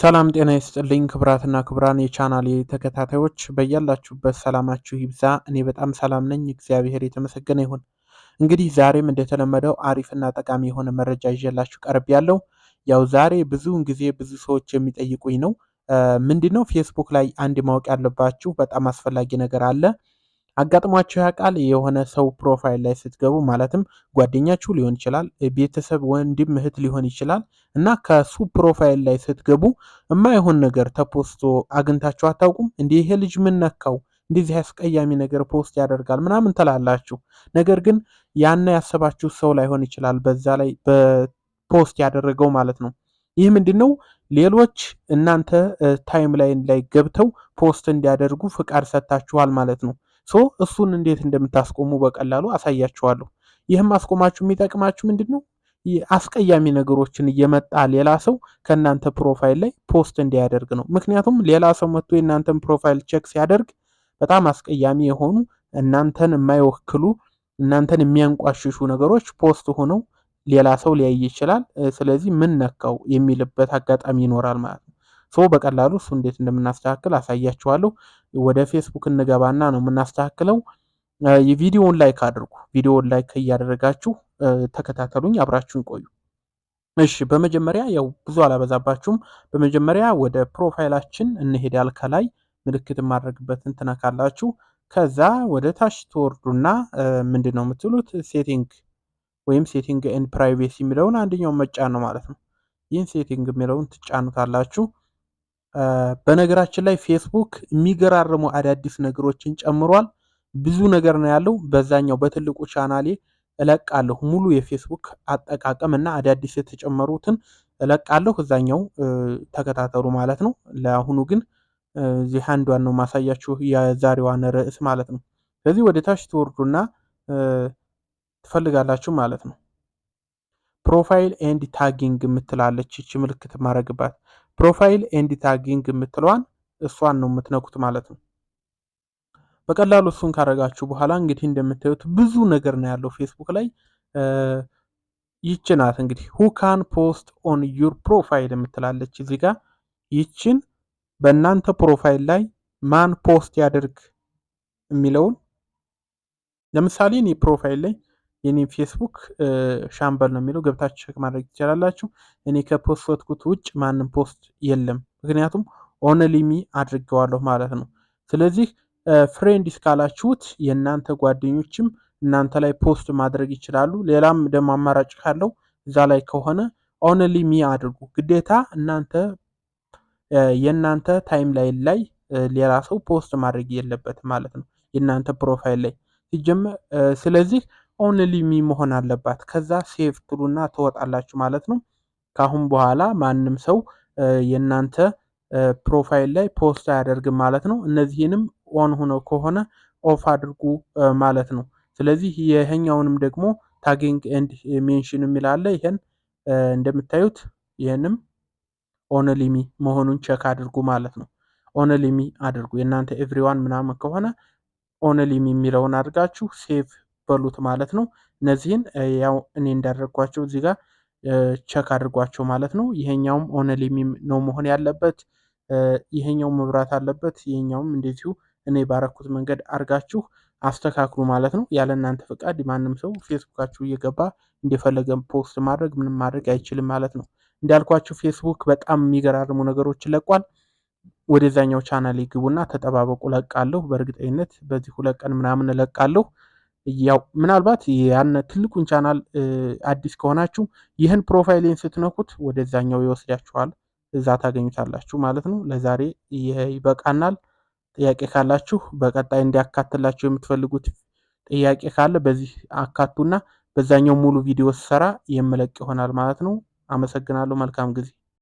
ሰላም ጤና ይስጥልኝ ክብራትና ክብራን የቻናል ተከታታዮች በያላችሁበት ሰላማችሁ ይብዛ። እኔ በጣም ሰላም ነኝ፣ እግዚአብሔር የተመሰገነ ይሁን። እንግዲህ ዛሬም እንደተለመደው አሪፍና ጠቃሚ የሆነ መረጃ ይዤላችሁ ቀርብ ያለው ያው ዛሬ ብዙውን ጊዜ ብዙ ሰዎች የሚጠይቁኝ ነው። ምንድን ነው ፌስቡክ ላይ አንድ ማወቅ ያለባችሁ በጣም አስፈላጊ ነገር አለ። አጋጥሟቸው ያውቃል? የሆነ ሰው ፕሮፋይል ላይ ስትገቡ ማለትም ጓደኛችሁ ሊሆን ይችላል፣ ቤተሰብ፣ ወንድም እህት ሊሆን ይችላል እና ከሱ ፕሮፋይል ላይ ስትገቡ የማይሆን ነገር ተፖስቶ አግኝታችሁ አታውቁም? እንዲህ ይሄ ልጅ ምን ነካው እንደዚህ አስቀያሚ ነገር ፖስት ያደርጋል ምናምን ትላላችሁ። ነገር ግን ያነ ያሰባችሁ ሰው ላይሆን ይችላል በዛ ላይ በፖስት ያደረገው ማለት ነው። ይህ ምንድን ነው? ሌሎች እናንተ ታይም ላይን ላይ ገብተው ፖስት እንዲያደርጉ ፍቃድ ሰጥታችኋል ማለት ነው። ሶ እሱን እንዴት እንደምታስቆሙ በቀላሉ አሳያችኋለሁ። ይህም አስቆማችሁ የሚጠቅማችሁ ምንድን ነው? አስቀያሚ ነገሮችን እየመጣ ሌላ ሰው ከእናንተ ፕሮፋይል ላይ ፖስት እንዲያደርግ ነው። ምክንያቱም ሌላ ሰው መጥቶ የእናንተን ፕሮፋይል ቼክ ሲያደርግ በጣም አስቀያሚ የሆኑ እናንተን የማይወክሉ እናንተን የሚያንቋሽሹ ነገሮች ፖስት ሆነው ሌላ ሰው ሊያይ ይችላል። ስለዚህ ምን ነካው የሚልበት አጋጣሚ ይኖራል ማለት ነው። ሶ በቀላሉ እሱ እንዴት እንደምናስተካክል አሳያችኋለሁ። ወደ ፌስቡክ እንገባና ነው የምናስተካክለው። የቪዲዮውን ላይክ አድርጉ። ቪዲዮውን ላይክ እያደረጋችሁ ተከታተሉኝ፣ አብራችሁን ቆዩ። እሺ በመጀመሪያ ያው ብዙ አላበዛባችሁም። በመጀመሪያ ወደ ፕሮፋይላችን እንሄዳል። ከላይ ምልክት የማድረግበትን ትነካላችሁ። ከዛ ወደ ታች ትወርዱና ምንድን ነው የምትሉት ሴቲንግ ወይም ሴቲንግ ኤንድ ፕራይቬሲ የሚለውን አንደኛው መጫን ነው ማለት ነው። ይህን ሴቲንግ የሚለውን ትጫኑታላችሁ። በነገራችን ላይ ፌስቡክ የሚገራርሙ አዳዲስ ነገሮችን ጨምሯል። ብዙ ነገር ነው ያለው። በዛኛው በትልቁ ቻናሌ እለቃለሁ ሙሉ የፌስቡክ አጠቃቀም እና አዳዲስ የተጨመሩትን እለቃለሁ። እዛኛው ተከታተሉ ማለት ነው። ለአሁኑ ግን እዚህ አንዷን ነው ማሳያችሁ የዛሬዋን ርዕስ ማለት ነው። ስለዚህ ወደ ታች ትወርዱና ትፈልጋላችሁ ማለት ነው። ፕሮፋይል ኤንድ ታጊንግ የምትላለች ይቺ ምልክት ማድረግባት ፕሮፋይል ኤንድ ታጊንግ የምትለዋን እሷን ነው የምትነኩት ማለት ነው። በቀላሉ እሱን ካረጋችሁ በኋላ እንግዲህ እንደምታዩት ብዙ ነገር ነው ያለው ፌስቡክ ላይ ይቺ ናት እንግዲህ ሁካን ፖስት ኦን ዩር ፕሮፋይል የምትላለች እዚህ ጋር ይችን በእናንተ ፕሮፋይል ላይ ማን ፖስት ያደርግ የሚለውን ለምሳሌ እኔ ፕሮፋይል ላይ የኔም ፌስቡክ ሻምበል ነው የሚለው ገብታችሁ ቼክ ማድረግ ትችላላችሁ። እኔ ከፖስትኩት ውጭ ማንም ፖስት የለም፣ ምክንያቱም ኦነሊሚ አድርገዋለሁ ማለት ነው። ስለዚህ ፍሬንድ እስካላችሁት የእናንተ ጓደኞችም እናንተ ላይ ፖስት ማድረግ ይችላሉ። ሌላም ደግሞ አማራጭ ካለው እዛ ላይ ከሆነ ኦነሊሚ አድርጉ። ግዴታ እናንተ የእናንተ ታይም ላይን ላይ ሌላ ሰው ፖስት ማድረግ የለበትም ማለት ነው፣ የእናንተ ፕሮፋይል ላይ ሲጀመር ስለዚህ ሊሚ መሆን አለባት። ከዛ ሴቭ ትሉና ትወጣላችሁ ማለት ነው። ከአሁን በኋላ ማንም ሰው የእናንተ ፕሮፋይል ላይ ፖስት አያደርግም ማለት ነው። እነዚህንም ኦን ሆነው ከሆነ ኦፍ አድርጉ ማለት ነው። ስለዚህ ይሄኛውንም ደግሞ ታጊንግ ኤንድ ሜንሽን የሚላለ ይሄን እንደምታዩት ይህንም ኦንሊሚ መሆኑን ቸክ አድርጉ ማለት ነው። ኦንሊሚ አድርጉ የእናንተ ኤቭሪዋን ምናምን ከሆነ ኦንሊሚ የሚለውን አድርጋችሁ ሴቭ በሉት ማለት ነው። እነዚህን ያው እኔ እንዳደረግኳቸው እዚህ ጋር ቸክ አድርጓቸው ማለት ነው። ይሄኛውም ኦነሊሚ ነው መሆን ያለበት፣ ይሄኛው መብራት አለበት፣ ይሄኛውም እንደዚሁ እኔ ባረኩት መንገድ አድርጋችሁ አስተካክሉ ማለት ነው። ያለ እናንተ ፈቃድ ማንም ሰው ፌስቡካችሁ እየገባ እንደፈለገ ፖስት ማድረግ ምንም ማድረግ አይችልም ማለት ነው። እንዳልኳችሁ ፌስቡክ በጣም የሚገራርሙ ነገሮች ለቋል። ወደዛኛው ቻናል ግቡና ተጠባበቁ። ለቃለሁ በእርግጠኝነት በዚህ ሁለት ቀን ምናምን ለቃለሁ። ያው ምናልባት ያን ትልቁን ቻናል አዲስ ከሆናችሁ ይህን ፕሮፋይልን ስትነኩት ወደዛኛው ይወስዳችኋል። እዛ ታገኙታላችሁ ማለት ነው። ለዛሬ ይበቃናል። ጥያቄ ካላችሁ በቀጣይ እንዲያካትላችሁ የምትፈልጉት ጥያቄ ካለ በዚህ አካቱና በዛኛው ሙሉ ቪዲዮ ስሰራ የምለቅ ይሆናል ማለት ነው። አመሰግናለሁ። መልካም ጊዜ